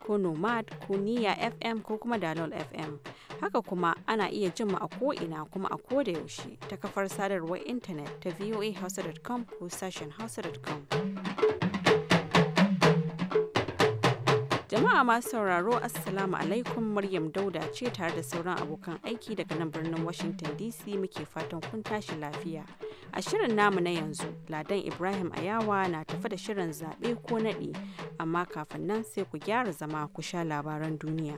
ko nomad ko niya fm ko kuma dalol fm haka kuma ana iya jin mu a ko'ina kuma a koda yaushe ta kafar sadarwar intanet ta voahausa.com ko sashen hausa.com Jama'a masu sauraro Assalamu alaikum Maryam Dauda ce tare da sauran abokan aiki daga nan birnin Washington DC muke fatan kun tashi lafiya. A shirin namu na yanzu, Ladan Ibrahim Ayawa na tafi da shirin zaɓe ko naɗe, amma kafin nan sai ku gyara zama ku sha labaran duniya.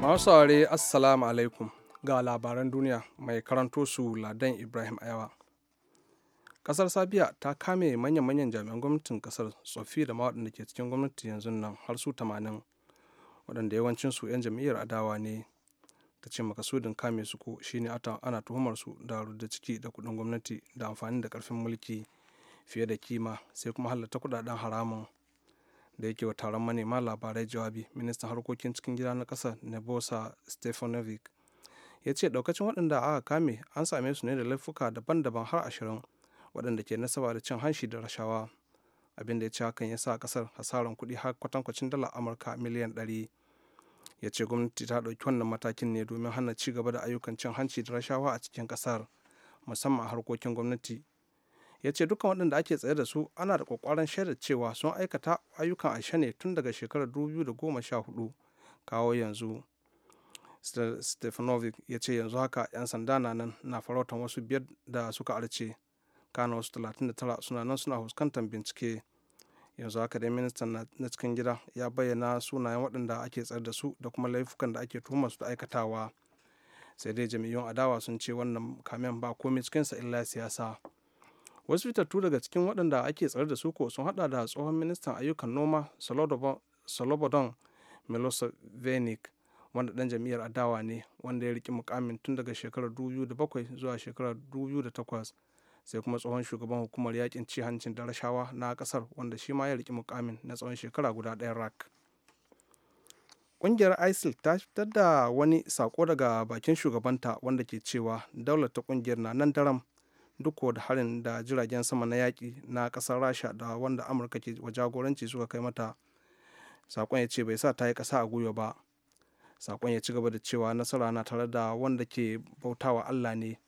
Masu saurare Assalamu alaikum ga labaran duniya mai karanto su Ladan Ibrahim Ayawa. kasar sabiya ta kame manyan-manyan jami'an gwamnatin kasar tsoffi da da ke cikin gwamnati yanzu nan har su tamanin waɗanda yawancin su 'yan jam'iyyar adawa ne ta ce makasudin kame su ko shine ana tuhumar su da rudda ciki da kuɗin gwamnati da amfani da ƙarfin mulki fiye da kima sai kuma halatta kuɗaɗen haramun da yake wa taron manema labarai jawabi ministan harkokin cikin gida na ƙasar nebosa stefanovic ya ce ɗaukacin waɗanda aka kame an same su ne da laifuka daban-daban har ashirin waɗanda ke nasaba da cin hanshi da rashawa abinda ya ce hakan ya sa kasar hasaran kuɗi har kwatankwacin dala amurka miliyan ɗari ya ce gwamnati ta ɗauki wannan matakin ne domin hana ci gaba da ayyukan cin hanci da rashawa a cikin kasar musamman a harkokin gwamnati ya ce dukkan waɗanda ake tsaye da su ana da kwakwaran shaidar cewa sun aikata ayyukan a ne tun daga shekarar dubu da sha hudu kawo yanzu stefanovic ya ce yanzu haka 'yan sanda na nan na farautan wasu biyar da suka arce kano wasu talatin da tara suna nan suna fuskantar bincike yanzu haka dai ministan na cikin gida ya bayyana sunayen waɗanda ake tsar da su da kuma laifukan da ake tuhumar su da aikatawa sai dai jami'un adawa sun ce wannan kamen ba komai cikinsa illa siyasa wasu fitattu daga cikin waɗanda ake tsar da su ko sun haɗa da tsohon ministan ayyukan noma salobodon milosevic wanda ɗan jam'iyyar adawa ne wanda ya riki mukamin tun daga shekarar 2007 zuwa shekarar 2008 sai kuma tsohon shugaban hukumar yakin ci hancin da rashawa na kasar wanda shi ma ya riki mukamin na tsawon shekara guda ɗaya rak ƙungiyar isil ta fitar da wani sako daga bakin shugabanta wanda ke cewa daular ta kungiyar na nan daram duk da harin da jiragen sama na yaƙi na kasar rasha da wanda amurka ke wa jagoranci suka kai mata sakon ya ce bai sa ta yi ƙasa a gwiwa ba sakon ya ci gaba da cewa nasara na tare da wanda ke bautawa allah ne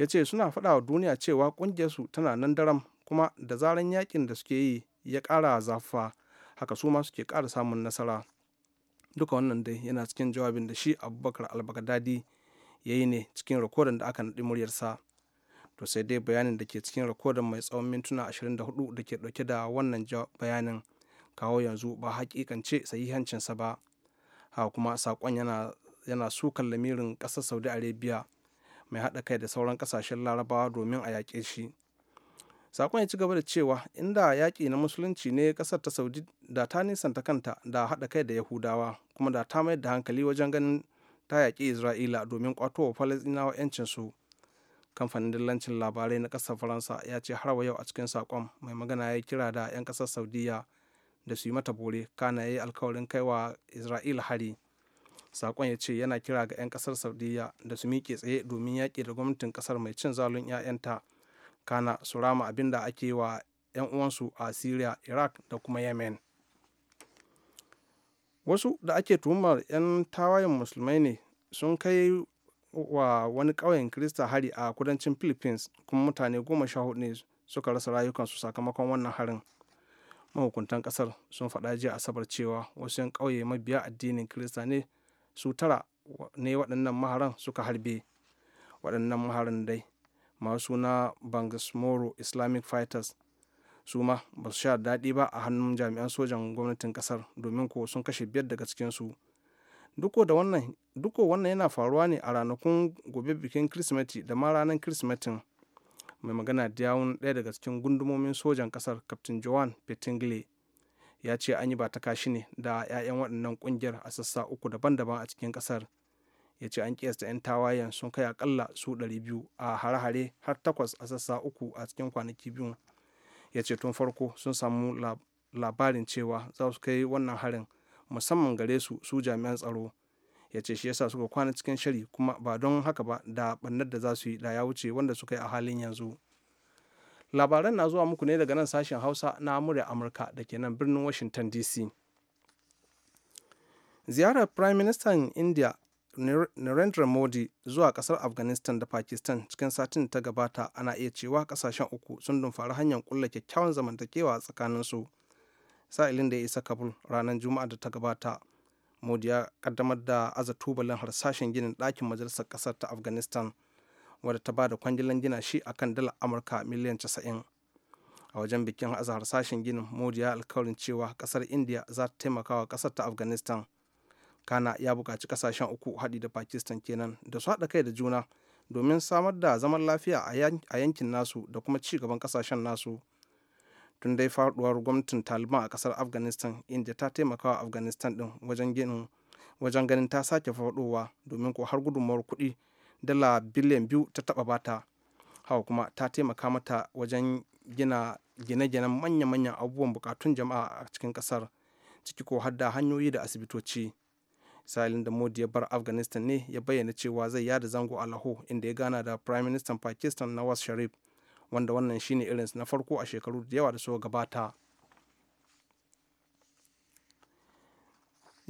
ya ce suna faɗa wa duniya cewa ƙungiyarsu tana nan daram kuma da zaran yakin da suke yi ya ƙara zafa haka su ma suke ƙara samun nasara duka wannan dai yana cikin jawabin da shi abubakar albagadadi ya yi ne cikin rikodin da aka naɗi muryarsa to sai dai bayanin da ke cikin rikodin mai tsawon mintuna 24 da ke ɗauke da wannan bayanin kawo yanzu ba hakikance sahihancinsa ba haka kuma saƙon yana sukan lamirin ƙasar saudi arabia mai haɗa kai da sauran ƙasashen larabawa domin a yaƙe shi sakon ya ci gaba da cewa inda yaƙi na musulunci ne ƙasar ta saudi da ta nisanta kanta da haɗa kai da yahudawa kuma da ta mayar da hankali wajen ganin ta yaƙi isra'ila domin ƙwato wa falasɗinawa 'yancinsu kamfanin dillancin labarai na ƙasar faransa ya ce har wa yau a cikin sakon mai magana ya kira da 'yan ƙasar saudiya da su yi mata bore kana ya yi alkawarin kai wa isra'ila hari sakon ya ce yana kira ga 'yan kasar saudiya da su miƙe tsaye domin yaƙi da gwamnatin kasar mai cin zalun 'ya'yanta kana su rama abin da ake wa 'yan uwansu a syria iraq da kuma yemen wasu da ake tuhumar 'yan tawayen musulmai ne sun kai wa wani ƙauyen krista hari a kudancin philippines kuma mutane goma sha hudu ne suka rasa rayukansu sakamakon wannan harin mahukuntan kasar sun faɗa jiya asabar cewa wasu 'yan ƙauye mabiya addinin krista ne su tara ne waɗannan maharan suka harbe waɗannan maharan dai masu na bangasmoro islamic fighters su ma ba su sha daɗi ba a hannun jami'an sojan gwamnatin ƙasar domin ko sun kashe biyar daga cikinsu duko da wannan yana faruwa ne a ranakun gobe bikin kirsimeti da ma ranar kirsimetin mai magana da yawun ɗaya daga cikin gundumomin sojan ƙasar captain joan petingle ya ce an yi ba ta kashi ne da 'ya'yan waɗannan ƙungiyar a sassa uku daban-daban a cikin ƙasar ya ce an kiyasta 'yan tawayen sun kai akalla su 200 a hare-hare har takwas a sassa uku a cikin kwanaki biyu ya ce tun farko sun samu labarin cewa za su kai wannan harin musamman gare su su jami'an tsaro ya ce shi yasa suka kwana cikin shari kuma ba don haka ba da ɓannar da za su yi da ya wuce wanda suka yi a halin yanzu. labaran na zuwa muku ne daga nan sashen hausa na murya amurka da ke nan birnin washington dc ziyarar prime minister india narendra modi zuwa kasar afghanistan da pakistan cikin satin ta gabata ana iya cewa kasashen uku sun dumfari hanyar kulla kyakkyawan zamantakewa tsakaninsu sa'ilin da ya isa kabul ranar juma'a da ta gabata modi ya kaddamar da aza tubalin harsashen ginin ɗakin majalisar ƙasar ta afghanistan wadda ta ba da kwangilan gina shi a kan dala amurka miliyan 90 a wajen bikin azahar sashen ginin modi ya alkawarin cewa kasar india za ta taimaka wa kasar ta afghanistan kana ya buƙaci kasashen uku haɗi da pakistan kenan da su haɗa kai da juna domin samar da zaman lafiya a yankin nasu da kuma ci gaban kasashen nasu tun dai faduwar gwamnatin taliban a kasar afghanistan india ta taimaka wa afghanistan din wajen ganin ta sake faɗowa domin ko har gudunmawar kuɗi dala biliyan biyu ta taba bata hawa kuma ta taimaka mata wajen gina gine-ginen manya-manyan abubuwan bukatun jama'a a cikin kasar ciki ko hadda hanyoyi da asibitoci salin da modi ya bar afghanistan ne ya bayyana cewa zai yada zango a laho inda ya gana da prime minister pakistan nawaz sharif wanda wannan shine irinsu na farko a shekaru da yawa da suka gabata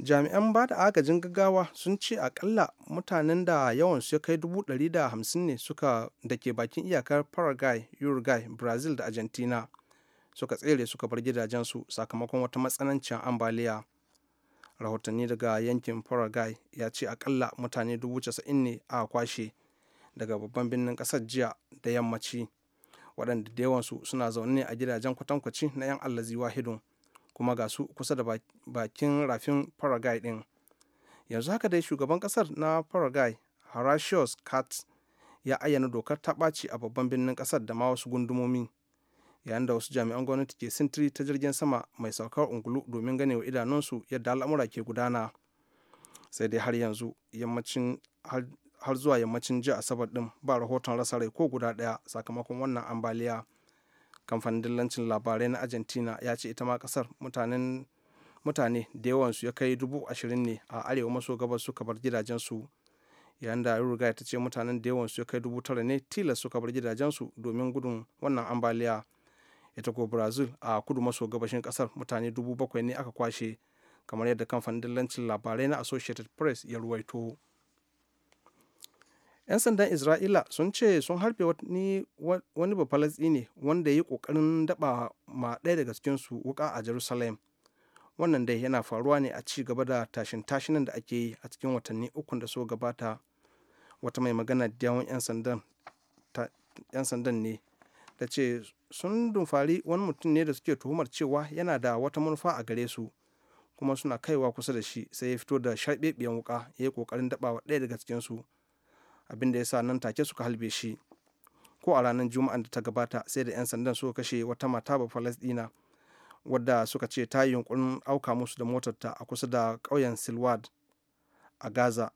jami'an ba da agajin gaggawa sun ce akalla mutanen da yawansu ya kai 150 ne suka da ke bakin iyakar paraguay uruguay brazil da argentina suka tsere suka bar gidajensu sakamakon wata matsanancin ambaliya rahotanni daga yankin paraguay ya ce akalla mutane 90 ne a kwashe daga babban birnin kasar jiya da yammaci waɗanda da yawansu suna zaune a gidajen kwatankwaci na 'yan allazi wahidun kuma ga su kusa da bakin rafin paraguay din yanzu haka dai shugaban kasar na paraguay horatius kat ya ayyana dokar ta ɓaci a babban birnin kasar da ma wasu gundumomi yayin da wasu jami'an gwamnati ke sintiri ta jirgin sama mai saukar ungulu domin ganewa idanunsu yadda al'amura ke gudana sai dai har yanzu yammacin har zuwa yammacin jiya asabar din ba rahoton rasa rai ko guda ɗaya sakamakon wannan ambaliya kamfanin dillancin labarai na argentina ya ce ita ma kasar mutane da yawansu ya kai dubu ashirin ne a arewa maso gabas suka bar gidajensu yayin da ruga ta ce mutanen da yawansu ya kai dubu tara ne tilas suka bar gidajensu domin gudun wannan ambaliya ita ko brazil a kudu maso gabashin kasar mutane dubu bakwai ne aka kwashe kamar yadda kamfanin dillancin labarai na associated press ya ruwaito. 'yan sandan isra'ila sun ce sun harbe wani ne wanda ya yi kokarin daba ma ɗaya daga cikinsu wuƙa a jerusalem wannan dai yana faruwa ne a ci gaba da tashin tashinan da ake yi a cikin watanni ukun da so gabata wata mai magana da yawon 'yan sandan ne da ce sun dumfari wani mutum ne da suke tuhumar cewa yana da wata manufa a gare su kuma suna kaiwa kusa da shi sai ya fito da sharɓeɓɓiyan wuka ya yi kokarin daɓawa ɗaya daga cikinsu abin da ya sa nan take suka halbe shi ko a ranar juma'an da ta gabata sai da 'yan sandan suka kashe wata mata ba falasdina wadda suka ce ta yi yunkurin auka musu da motarta a kusa da ƙauyen silwad a gaza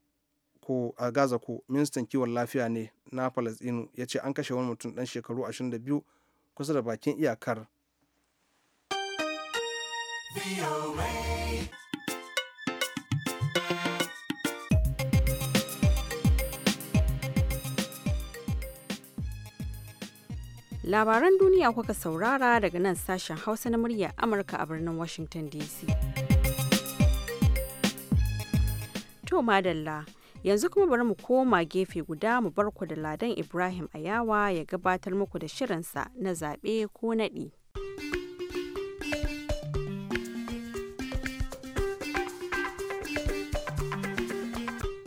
ko a gaza ko ministan kiwon lafiya ne na falasdinu ya ce an kashe wani mutum ɗan shekaru 22 kusa da bakin iyakar. Labaran duniya kuka saurara daga nan sashen Hausa na murya Amurka a birnin Washington DC. To madalla, yanzu kuma bari mu koma gefe guda mu barku da Ladan Ibrahim Ayawa ya gabatar muku da shirinsa na zaɓe ko naɗi.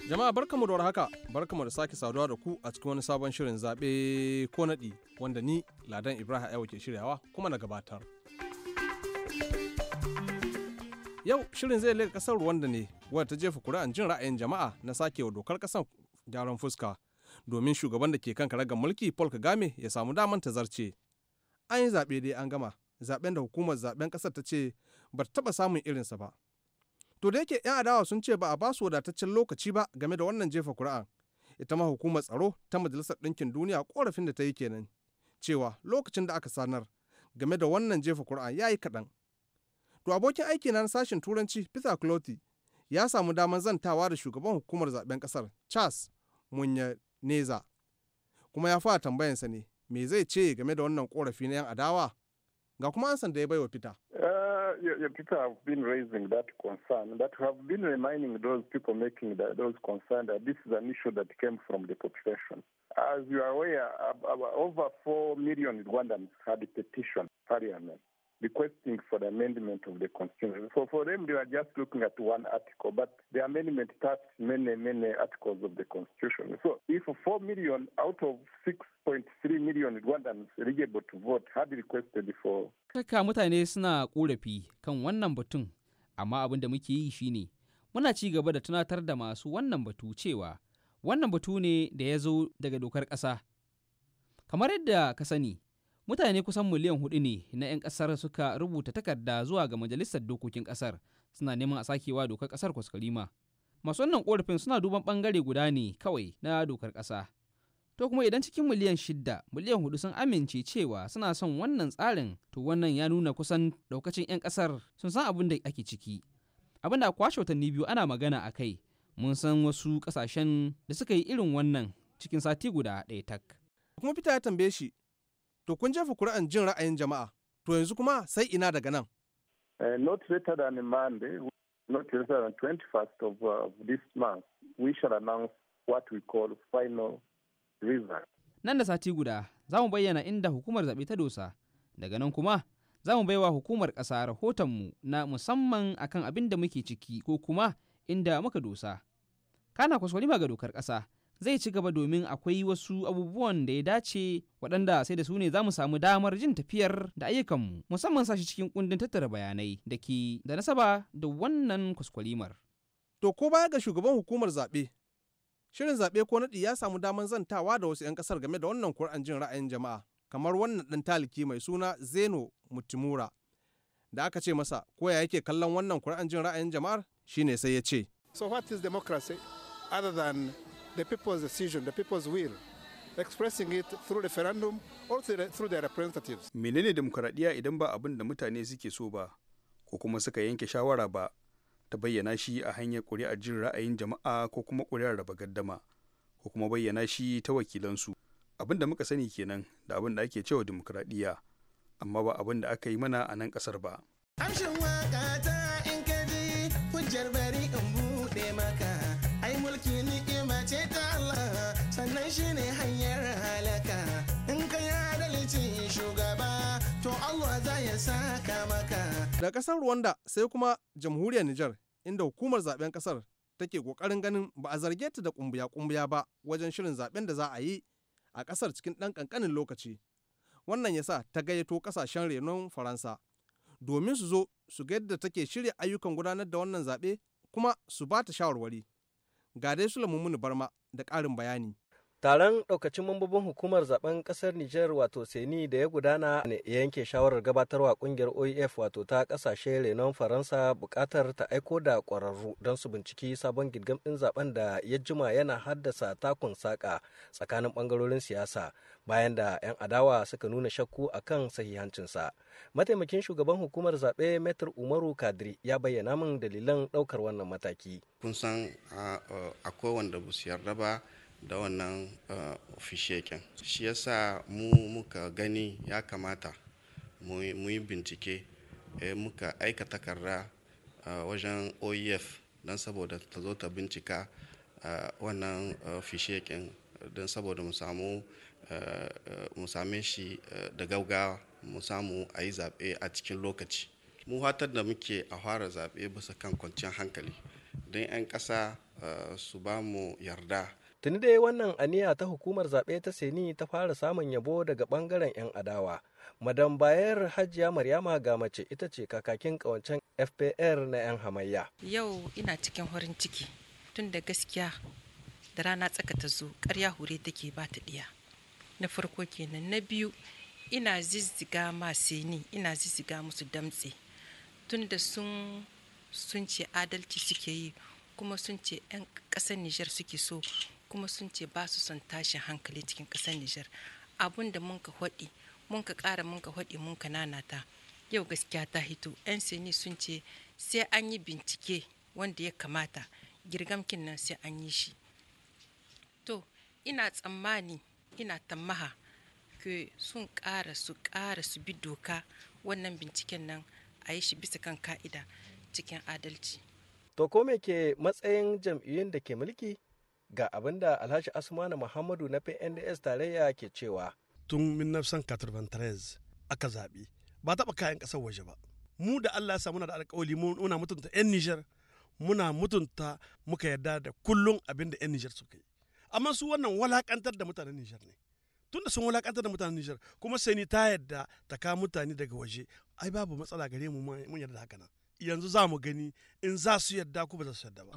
Jama'a barkamu da warhaka, barkamu da sake saduwa da ku a cikin wani sabon shirin zaɓe ko naɗi wanda ni Ladan Ibrahim Aiwa ke shiryawa kuma na gabatar. Yau shirin zai kasar ƙasar Rwanda ne wadda ta jefa kuri'an jin ra'ayin jama'a na sake wa dokar ƙasar gyaran fuska domin shugaban da ke kan karagar mulki Paul Kagame ya samu daman ta zarce. An yi zaɓe dai an gama, zaɓen da hukumar zaɓen ƙasar ta ce ba ta taɓa samun irinsa ba to da yake 'yan adawa sun ce ba a basu wadataccen lokaci ba game da wannan jefa kuri'a ita ma hukumar tsaro ta majalisar ɗinkin duniya korafin da ta yi kenan cewa lokacin da aka sanar game da wannan jefa kuri'a ya yi kaɗan to abokin aiki na sashen turanci peter clothy ya samu damar zantawa da shugaban hukumar zaben kasar charles munyaneza kuma ya fara tambayansa ne me zai ce game da wannan korafi na 'yan adawa ga kuma an da ya baiwa peter you, people have been raising that concern, but we have been reminding those people making that, those concerns that this is an issue that came from the population. As you are aware, over 4 million Rwandans had a petition parliament requesting for the amendment of the constitution. So for them, they were just looking at one article, but the amendment touched many, many articles of the constitution. So if 4 million out of 6.3 million Rwandans eligible to vote had requested for... Kaka mutane suna korafi kan wannan batun, amma abin da muke yi shine muna ci gaba da tunatar da masu wannan batu cewa wannan batu ne da ya zo daga dokar ƙasa. Kamar yadda ka sani, mutane kusan miliyan hudu ne na 'yan kasar suka rubuta takarda zuwa ga majalisar dokokin kasar suna neman a sakewa dokar kasar kwaskarima, masu wannan korafin suna duban bangare guda ne kawai na dokar kasa to kuma idan cikin miliyan shida miliyan hudu sun amince cewa suna son wannan tsarin to wannan ya nuna kusan daukacin 'yan kasar sun san abin da ake ciki abin da kwashe watanni biyu ana magana a kai mun san wasu kasashen da suka yi irin wannan cikin sati guda ɗaya tak kuma fita ya tambaye shi to kun jefa kuri'an jin ra'ayin jama'a to yanzu kuma sai ina daga nan eh, not later than Monday eh, not later than 21st uh, of, this month we shall announce what we call final result nan da sati guda za mu bayyana inda hukumar zaɓe ta dosa daga nan kuma za mu baiwa hukumar ƙasa rahotonmu na musamman akan abin da muke ciki ko kuma inda muka dosa kana ma ga dokar ƙasa zai ci gaba domin akwai wasu abubuwan da ya dace waɗanda sai da su ne za mu samu damar jin tafiyar da ayyukanmu musamman sashi cikin kundin tattara bayanai da ke da nasaba da wannan kwaskwalimar. To ko baya ga shugaban hukumar zaɓe shirin zaɓe ko naɗi ya samu damar zantawa da wasu 'yan ƙasar game da wannan kur'an jin ra'ayin jama'a kamar wannan ɗan taliki mai suna zeno mutimura da aka ce masa ko ya yake kallon wannan kur'an jin ra'ayin jama'ar shine sai ya ce so what is democracy other than the people's decision, the people's will, expressing it through referendum or through their representatives. Menene demokuraɗiyya idan ba abin da mutane suke so ba, ko kuma suka yanke shawara ba, ta bayyana shi a hanyar ƙuri'ar jin ra'ayin jama'a ko kuma ƙuri'ar raba gaddama, ko kuma bayyana shi ta wakilansu. Abin da muka sani kenan da abin da ake cewa demokuraɗiyya, amma ba abin da aka yi mana a nan ƙasar ba. Amshin waƙa ta in ka ji hujjar saka maka. Da kasar Rwanda sai kuma jamhuriyar Nijar inda hukumar zaben kasar take kokarin ganin ba a zarge ta da kumbuya-kumbuya ba wajen shirin zaben da za a yi a kasar cikin ɗan ƙanƙanin lokaci. Wannan yasa ta gayyato kasashen renon Faransa domin su zo su ga yadda take shirya ayyukan gudanar da wannan zaɓe kuma su ba ta shawarwari. Ga dai Sulaiman Barma da ƙarin bayani. Taron ɗaukacin mambobin hukumar zaben ƙasar Nijar wato Seni da ya gudana ne yanke shawarar gabatarwa ƙungiyar OEF wato ta ƙasashe renon Faransa buƙatar ta aiko da ƙwararru don su binciki sabon gidgam ɗin zaben da ya jima yana haddasa takun saƙa tsakanin ɓangarorin siyasa bayan da 'yan adawa suka nuna shakku a kan sahihancinsa. Mataimakin shugaban hukumar zaɓe Metr Umaru Kadri ya bayyana min dalilan ɗaukar wannan mataki. Kun san akwai wanda ba su yarda ba da wannan eh, ofishekin shi yasa mu muka gani ya kamata mu yi bincike eh, muka aika takarda eh, wajen oef don saboda ta zo ta bincika wannan fishekin don saboda mu samu mu same shi da gaugawa mu samu a yi zaɓe a cikin lokaci mu hatar da muke a fara zaɓe bisa kan kwanciyar hankali don 'yan ƙasa su ba mu yarda Tuni dai wannan aniya ta hukumar zaɓe ta Seni ta fara samun yabo daga ɓangaren 'yan adawa. Madam Bayar Hajiya Maryama ga mace ita ce kakakin ƙawancen FPR na 'yan hamayya. Yau ina cikin horin ciki tun da gaskiya da rana tsaka ta zo karya hure take ba ta ɗiya. Na farko kenan na biyu ina zizziga ma Seni ina zizziga musu damtse tun da sun ce adalci suke yi kuma sun ce 'yan ƙasar Nijar suke so kuma sun ce ba su son tashin hankali cikin ƙasar Nijar abun da mun ka haɗi mun ka ƙara mun ka haɗi mun ka nanata yau gaskiya ta hito 'yan sani sun ce sai an yi bincike wanda ya kamata girgamkin nan sai an yi shi to ina tsammani ina tammaha ke sun ƙara su ƙara su bi doka wannan binciken nan a yi shi bisa kan ka'ida cikin adalci to ko me ke matsayin jam'iyyun da ke mulki ga abin da alhaji asmanu muhammadu na pnds tarayya ke cewa tun 1993 aka zaɓi ba taɓa kayan ƙasar waje ba mu da allah ya sa muna da alƙawali muna mutunta 'yan nijar muna mutunta muka yarda da kullum abinda da 'yan nijar suka yi amma su wannan walakantar da mutanen nijar ne tun da sun walakantar da mutanen Nijar kuma sai ni ta yadda ta ka mutane daga waje ai babu matsala gare mu mun yarda haka nan yanzu za mu gani in za su yarda ko ba za su yarda ba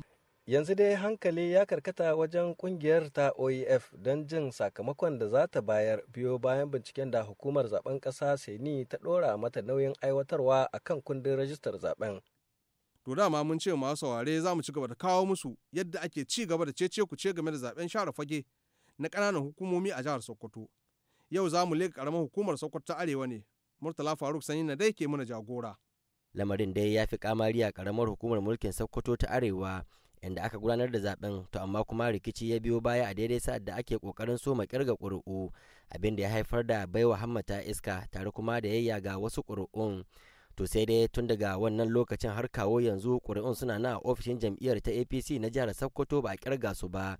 yanzu dai hankali ya karkata wajen kungiyar ta oef don jin sakamakon da za ta bayar biyo bayan binciken da hukumar zaben ƙasa seni ta ɗora mata nauyin aiwatarwa a kan kundin rajistar zaben to dama mun ce masu saurare za mu ci gaba da kawo musu yadda ake ci gaba da cece ce game da zaben share fage na ƙananan hukumomi a jihar sokoto yau za mu leka karamar hukumar sokoto ta arewa ne murtala faruk sanyi na dai ke mana jagora lamarin dai ya fi kamari a ƙaramar hukumar mulkin sokoto ta arewa inda aka gudanar da zaben to amma kuma rikici ya biyo baya a daidai sa'ad da ake kokarin soma kirga ƙuri'u abin da ya haifar da baiwa hammata iska tare kuma da yayya ga wasu ƙuri'un to sai dai tun daga wannan lokacin har kawo yanzu ƙuri'un suna na ofishin jam'iyyar ta apc na jihar sokoto ba a kirga su ba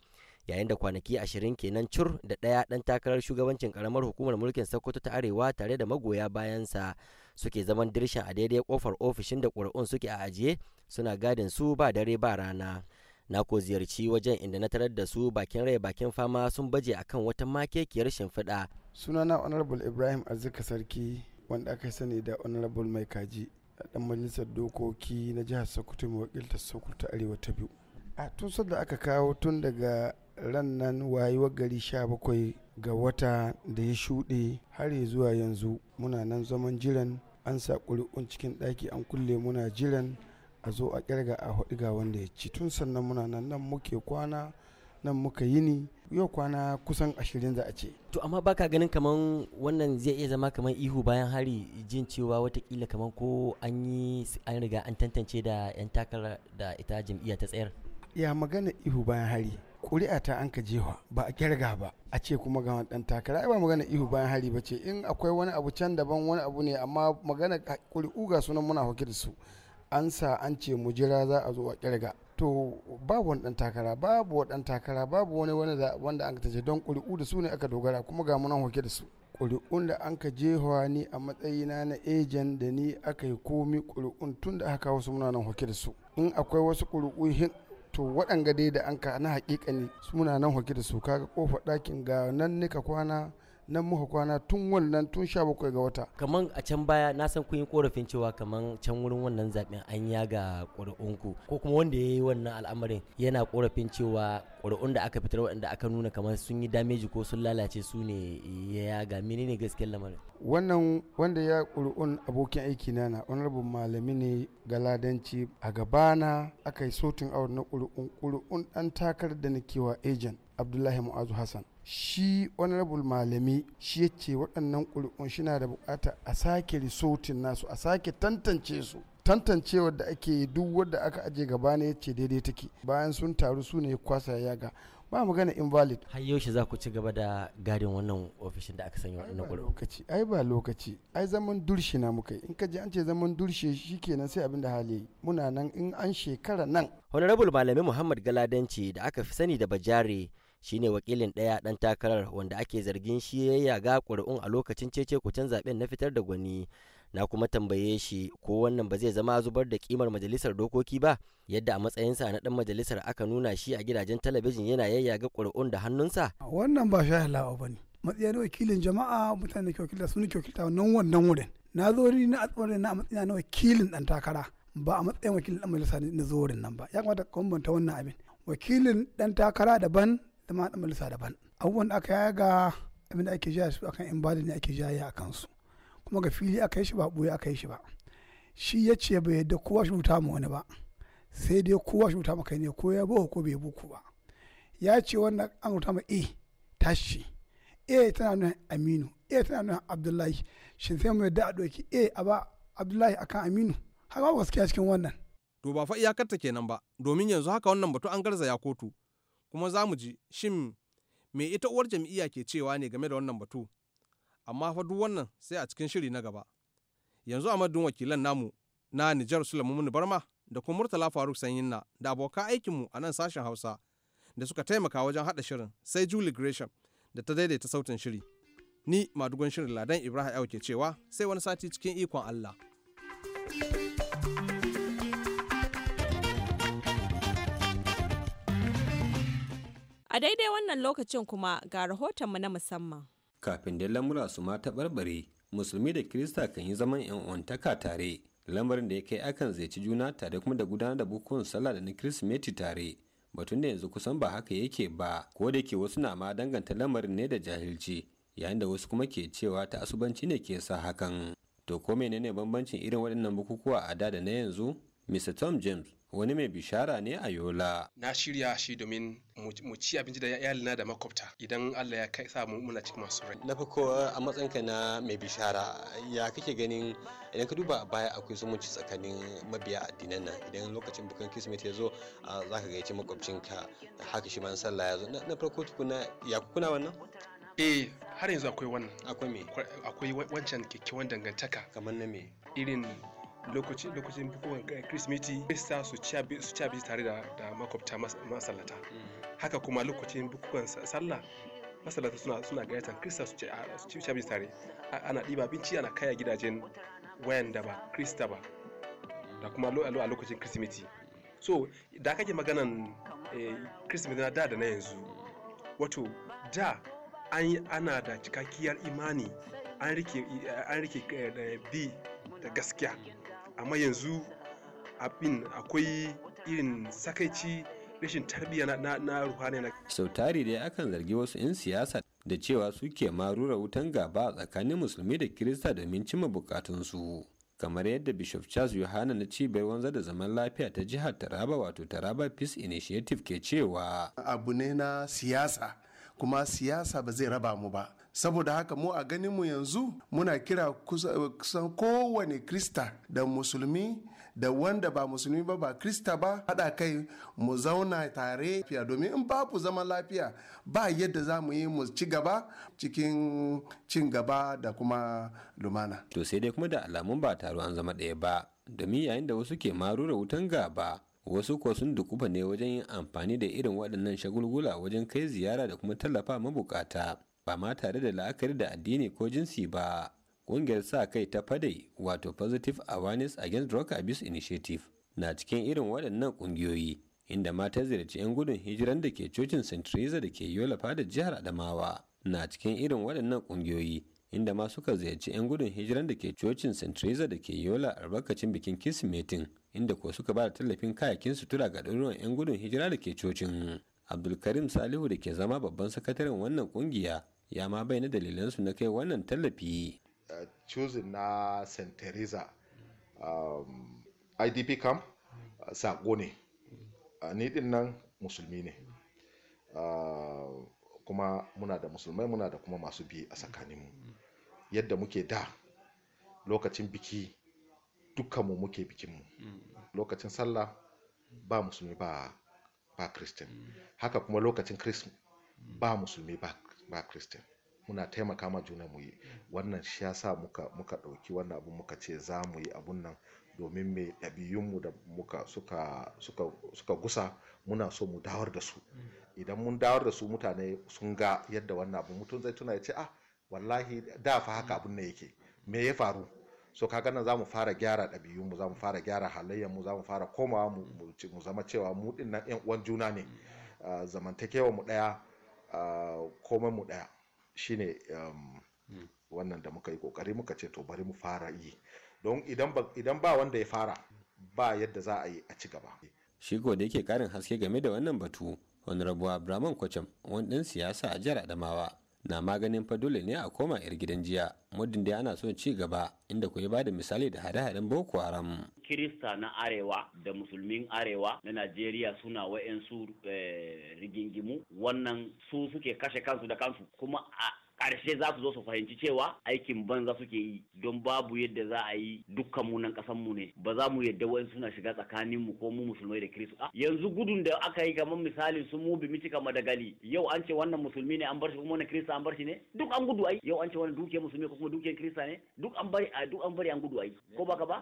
yayin da kwanaki ashirin kenan cur da ɗaya ɗan takarar shugabancin karamar hukumar mulkin sokoto ta arewa tare da magoya bayansa suke zaman dirshan a daidai kofar ofishin da ƙuri'un suke a ajiye suna gadin su ba dare ba rana na ko ziyarci wajen inda na tarar da su bakin rai bakin fama sun baje akan wata makekiyar shimfiɗa sunana honorable ibrahim arzika sarki wanda aka sani da honorable mai kaji dan majalisar dokoki na jihar sokoto mai wakiltar sokoto arewa ta biyu a tun da aka kawo tun daga rannan wayewar gari 17 ga wata da ya shuɗe har zuwa yanzu muna nan zaman jiran an sa ƙuri'un cikin ɗaki an kulle muna jiran a zo a ƙirga a haɗu ga wanda ya ci tun sannan muna nan nan muke kwana nan muka yi ni yau kwana kusan ashirin za a ce. To amma baka ganin kamar wannan zai iya zama kamar ihu bayan hari jin cewa watakila kamar ko an yi an riga an tantance da 'yan takarar da ita jam'iyya ta tsayar. Ya magana ihu bayan hari ƙuri'a ta an ka jewa ba a kirga ba a ce kuma ga dan takara ai ba magana ihu bayan hari ba ce in akwai wani abu can daban wani abu ne amma magana ƙuri'u ga sunan muna hauke da su an sa an ce mu jira za a zo a kirga to babu wani dan takara babu wani dan takara babu wani wanda an ka tace don ƙuri'u da su ne aka dogara kuma ga munan hauke da su ƙuri'un da an ka jewa ni a matsayina na ejen da ni aka yi komi ƙuri'un tun da aka kawo su muna nan hake da su in akwai wasu ƙuri'u to waɗanga dai da an ka na ne. muna nan hoki da su kaga kofa ɗakin ga nan nika kwana nan muka kwana tun wannan tun sha bakwai ga wata kaman a can baya na san kun yi korafin cewa kaman can wurin wannan zaben an ga ƙuri'unku ko kuma wanda ya yi wannan al'amarin yana korafin cewa ƙuri'un da aka fitar waɗanda aka nuna kamar sun yi dameji ko sun lalace su ne ya ga menene gaskiyar lamarin wannan wanda ya ƙuri'un abokin aiki na na honorable malami ne ga ladanci a gabana aka yi sotin awar na ƙuri'un ƙuri'un ɗan takar da nakewa agent abdullahi mu'azu hassan shi honorable malami shi ya ce waɗannan ƙuri'un shi na da buƙata a sake risotin nasu a sake tantance su tantancewar da ake duk wadda aka aje gaba ne ce daidai take bayan sun taru su ne kwasa yaga ba magana invalid har yaushe za ku ci gaba da gadin wannan ofishin da aka sanya wannan gurin lokaci ai ba lokaci ai zaman durshi na muka in ka ji an ce zaman durshe shikenan sai abin da hali muna nan in an shekara nan honorable malami muhammad galadanci da aka fi sani da bajare shine wakilin daya dan takarar wanda ake zargin shi yayya yaga ƙuri'un a lokacin cece kucen zaben na fitar da gwani na kuma tambaye shi ko wannan ba zai zama zubar da kimar majalisar dokoki ba yadda a matsayinsa na dan majalisar aka nuna shi a gidajen talabijin yana yayyaga ƙuri'un da hannunsa wannan ba shi halawa ba ne matsayin wakilin jama'a mutane ke wakilta sun ke wakilta wannan wannan wurin na zo ni na atsore na matsayin na wakilin dan takara ba a matsayin wakilin dan majalisa na zo wurin nan ba ya kamata ka bambanta wannan abin wakilin dan takara daban ma dan majalisa daban abubuwan da aka yaga abin da ake jaya su akan in ne ake jaya a kansu kuma ga fili aka yi shi ba ɓoye aka yi shi ba shi ya ce bai yadda kowa shi rubuta wani ba sai dai kowa shi mutama kai ne ko ya bawa ko bai buku ba ya ce wannan an mutama ma tashi e tana nuna aminu e tana nuna abdullahi shin sai mu yadda a ɗauki e a ba abdullahi akan aminu haka ba gaskiya cikin wannan to ba fa iyakarta kenan ba domin yanzu haka wannan batu an garzaya kotu kuma za mu ji shin me ita uwar jam'iyya ke cewa ne game da wannan batu amma fa duk wannan sai a cikin shiri na gaba yanzu a madadin wakilan namu na Nijar Sulaiman Barma da kuma Murtala Faruk Sanyinna da abokan mu a nan sashen Hausa da suka taimaka wajen hada shirin sai Julie Gresham da ta daidaita sautin shiri. Ni madugon shirin Ladan Ibrahim ke cewa sai wani sati cikin ikon Allah. A daidai wannan lokacin kuma ga rahotonmu na musamman. kafin da lamura su ma taɓarɓare musulmi da kirista kan yi zaman yan uwantaka tare lamarin da ya kai akan zaici juna tare kuma da gudanar da bukukuwan sallah da na kirsimeti tare batun da yanzu kusan ba haka yake ba ko da ke wasu na ma danganta lamarin ne da jahilci yayin da wasu kuma ke cewa ta asubanci ne ke sa hakan to ko menene bambancin irin waɗannan bukukuwa a da na yanzu mr tom james wani mai bishara ne a yola na shirya shi domin mu ci abinci da iyalina da makwabta idan allah ya kai sa muna cikin masu rai na farko eh, a matsayinka na mai bishara ya kake ganin idan ka duba baya akwai zumunci tsakanin mabiya addinan nan idan lokacin bukan kismet ya zo ah, za ka gaice makwabcinka haka shi man sallah ya zo na farko tukuna ya kuna wannan eh har yanzu akwai wannan akwai me akwai wancan kyakkyawan dangantaka kamar na me irin lokacin bukukuwan eh, kirsimeti krista su ci abinci tare da makwabta masallata mm. haka kuma lokacin bukukuwan sallah masallata suna suna gayyatar krista su ci abinci tare ana ɗiba abinci ana kaya gidajen wayan da ba krista ba da kuma a lokacin kirsimeti so da kake maganan eh, kirsimeti na da da na yanzu wato da an ana da cikakkiyar imani an rike eh, bi da gaskiya amma yanzu abin akwai irin sakaici rashin tarbiyya na, na, na ruhani na sau tari dai akan zargi wasu 'yan siyasa da cewa suke ma rura wutan gaba a tsakanin musulmi da kirista domin cimma bukatunsu kamar yadda bishop charles yohana na cibiyar wanzar da zaman lafiya ta jihar taraba wato taraba peace initiative ke cewa abu ne na siyasa kuma siyasa ba zai raba mu ba saboda haka mu a ganin mu yanzu muna kira kusan kowane krista da musulmi da wanda ba musulmi ba ba krista ba haɗa kai mu zauna tare lafiya domin in babu zaman lafiya ba yadda za mu yi mu ci gaba cikin cin gaba da kuma lumana to sai dai kuma da alamun ba taro an zama ɗaya ba domin yayin da wasu ke marura wutan gaba wasu kuwa sun dukuba ne wajen yin amfani da irin waɗannan shagulgula wajen kai ziyara da kuma tallafa mabukata ba ma tare da la'akari da addini ko jinsi ba ƙungiyar sa kai ta fadai wato positive awareness against drug abuse initiative na cikin irin waɗannan ƙungiyoyi inda mata ziyarci 'yan gudun hijiran da ke cocin st teresa da ke yola fada jihar adamawa na cikin irin waɗannan ƙungiyoyi inda ma suka ziyarci 'yan gudun hijiran da ke cocin st teresa da ke yola albarkacin bikin kirsimetin inda ko suka ba da tallafin kayakin sutura ga ɗaruruwan 'yan gudun hijira da ke cocin abdulkarim salihu da ke zama babban sakataren wannan kungiya ya ma bai na dalilansu na kai wannan tallafi uh, cozin na st teresa um, idp camp uh, sako ne uh, ni nan musulmi ne kuma muna da musulmai muna da kuma masu biyu a tsakaninmu yadda muke da lokacin biki dukkanmu muke bikinmu mm. lokacin sallah ba musulmi ba ba mm. haka kuma lokacin kristin mm. ba musulmi ba kristin muna taimaka ma juna mu yi wannan shi yasa muka muka ɗauki wannan abu muka ce za mu yi abun nan domin mai ɗabi'unmu da muka suka suka suka gusa muna so mu dawar da su idan mun dawar da su mutane sun ga yadda wannan abu mutum zai tuna ya ce ah wallahi da fa haka abun ne yake me ya faru so kaga nan zamu fara gyara ɗabi'un mu zamu fara gyara halayyar mu zamu fara komawa mu zama cewa mu din nan yan uwan juna ne mm. ah, zamantakewa mu daya ah, komai mu daya shine um, mm. wannan da muka yi kokari muka ce to bari mu fara yi don idan ba wanda ya fara ba yadda za a yi a ci gaba shi da yake karin haske game da wannan batu honorable abraman kwacham wani ɗan siyasa a jihar adamawa na maganin fadole ne a koma yar gidan jiya muddin da ana son ci gaba inda ku ba da misali da hada-hadan boko haram kirista na arewa da musulmin arewa na najeriya suna wa'yansu eh, rigingimu wannan su suke kashe kansu da kansu kuma a ƙarshe za su zo su fahimci cewa aikin banza suke yi don babu yadda za a yi dukkan mu nan ƙasan mu ne ba za mu yadda wani suna shiga tsakanin mu ko mu musulmai da kiristu a yanzu gudun da aka yi kamar misalin su mu bimici kama da gali yau an ce wannan musulmi ne an bar shi kuma wannan kirista an bar shi ne duk an gudu ai yau an ce wannan dukiyar musulmi ko kuma dukiyar kirista ne duk an bari duk an bari an gudu ai ko baka ba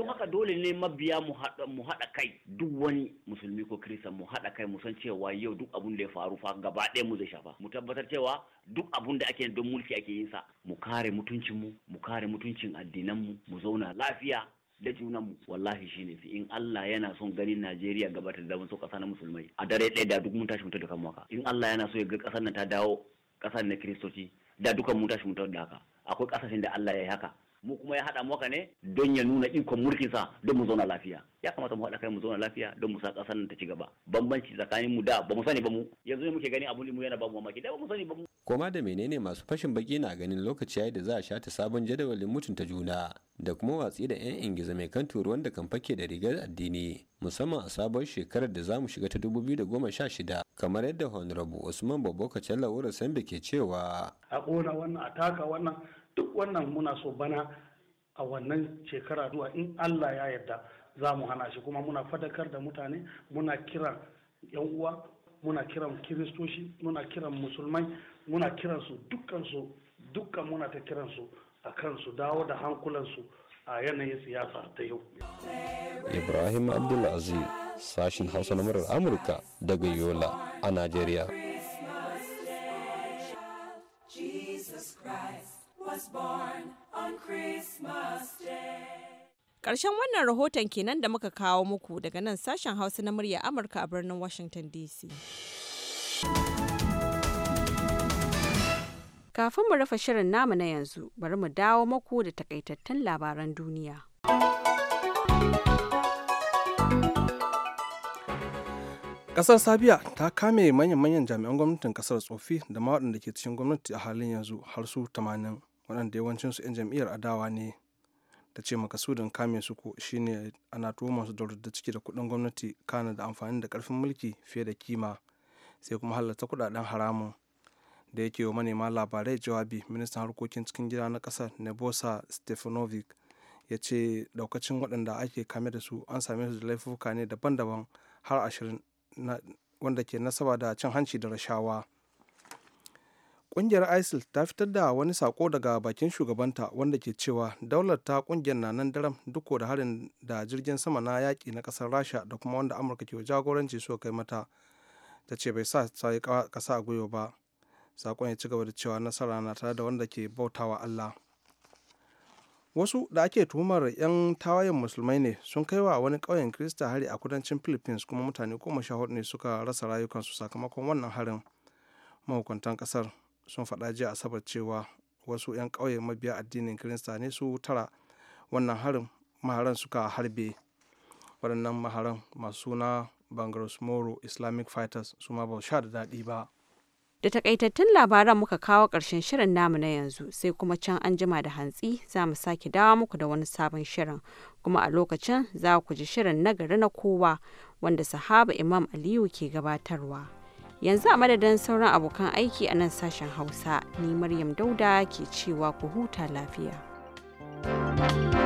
don haka dole ne mabiya mu haɗa mu haɗa kai duk wani musulmi ko kirista mu haɗa kai mu san cewa yau duk abun da ya faru fa gaba ɗaya mu zai shafa mu tabbatar cewa duk abun da Ake ake don mulki ake yin sa mu kare mutuncin mu mu kare mutuncin addinan mu mu zauna lafiya da junan mu wallahi shine fi in Allah yana son ganin Najeriya gaba ta zama so kasa na musulmai a dare ɗaya da duk mun tashi mutu da kan waka in Allah yana so ya ga kasar nan ta dawo kasar na kiristoci da dukan mun tashi mutu da haka akwai kasashen da Allah ya yi haka mu kuma ya haɗa maka ne don ya nuna ikon mulkinsa don mu zauna lafiya ya kamata mu haɗa kai mu zauna lafiya don mu sa ƙasar nan ta ci gaba bambanci tsakanin mu da ba mu sani ba mu yanzu ne muke gani abun mu yana ba mu mamaki da ba mu sani ba mu koma da menene masu fashin baki na ganin lokaci yayi da za a shata sabon jadawalin mutunta juna da kuma watsi da 'yan ingiza mai kan turuwan da kan fake da rigar addini musamman a sabon shekarar da zamu shiga ta 2016 kamar yadda honorable usman babu challa wura sambe ke cewa a ƙona wannan a taka wannan duk wannan muna so bana a wannan shekara zuwa in Allah ya yarda za mu hana shi kuma muna fadakar da mutane muna kiran yan uwa muna kiran kiristoshi muna kiran musulmai muna kiran su dukkan su dukkan muna ta kiran su a kan su dawo da hankulansu a yanayin siyasa ta yau ibrahim abdulaziz sashin hausa na murar amurka daga yola a najeriya was wannan rahoton kenan da muka kawo muku daga nan sashen Hausa na murya Amurka a birnin Washington DC. Kafin mu rufe shirin namu na yanzu, bari mu dawo muku da takaitattun labaran duniya. ƙasar Sabiya ta kame manyan-manyan jami'an gwamnatin ƙasar tsofi da ma waɗanda ke cikin gwamnati a halin yanzu har su 80. waɗanda yawancinsu 'yan jam'iyyar adawa ne ta ce makasudin kame su ko shine ana tuhumar su da ciki da kuɗin gwamnati kana da amfani da ƙarfin mulki fiye da kima sai kuma halarta kuɗaɗen haramun da yake wa manema labarai jawabi ministan harkokin cikin gida na ƙasar nebosa stefanovic ya ce ɗaukacin waɗanda ake kame da su an same su da laifuka ne daban-daban har ashirin wanda ke nasaba da cin hanci da rashawa kungiyar ISIL ta fitar da wani sako daga bakin shugabanta wanda ke cewa daular ta kungiyar na nan daram duk da harin da jirgin sama na yaƙi na kasar Rasha da kuma wanda Amurka ke jagoranci suka kai mata. Ta ce bai sa ta yi ƙasa a gwiwa ba. Sakon ya ci gaba da cewa nasara na tare da wanda ke bautawa Allah. wasu da ake tuhumar 'yan tawayen musulmai ne sun kai wa wani ƙauyen kirista hari a kudancin philippines kuma mutane goma sha hudu ne suka rasa rayukansu sakamakon wannan harin mahukuntan ƙasar sun faɗa jiya asabar cewa wasu 'yan ƙauye mabiya addinin kirista ne su tara wannan harin maharan suka harbe waɗannan maharan masu suna bangaros moro islamic fighters su ma ba sha da daɗi ba da takaitattun labaran muka kawo ƙarshen shirin namu na yanzu sai kuma can an jima da hantsi za mu sake dawa muku da wani sabon shirin kuma a lokacin za ku ji shirin nagari na kowa wanda sahaba imam aliyu ke gabatarwa. yanzu a madadin sauran abokan aiki a nan sashen hausa ni maryam dauda ke cewa ku huta lafiya thank you